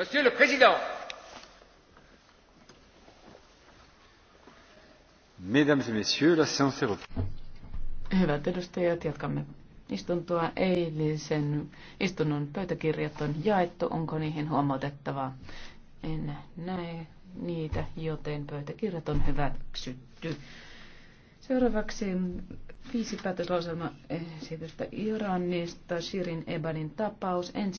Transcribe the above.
Monsieur le Président, Mesdames et messieurs, la séance est reprise. Hyvät edustajat, jatkamme istuntoa. Eilisen istunnon pöytäkirjat on jaettu. Onko niihin huomautettavaa? En näe niitä, joten pöytäkirjat on hyväksytty. Seuraavaksi viisi esitystä Iranista, Shirin Ebanin tapaus.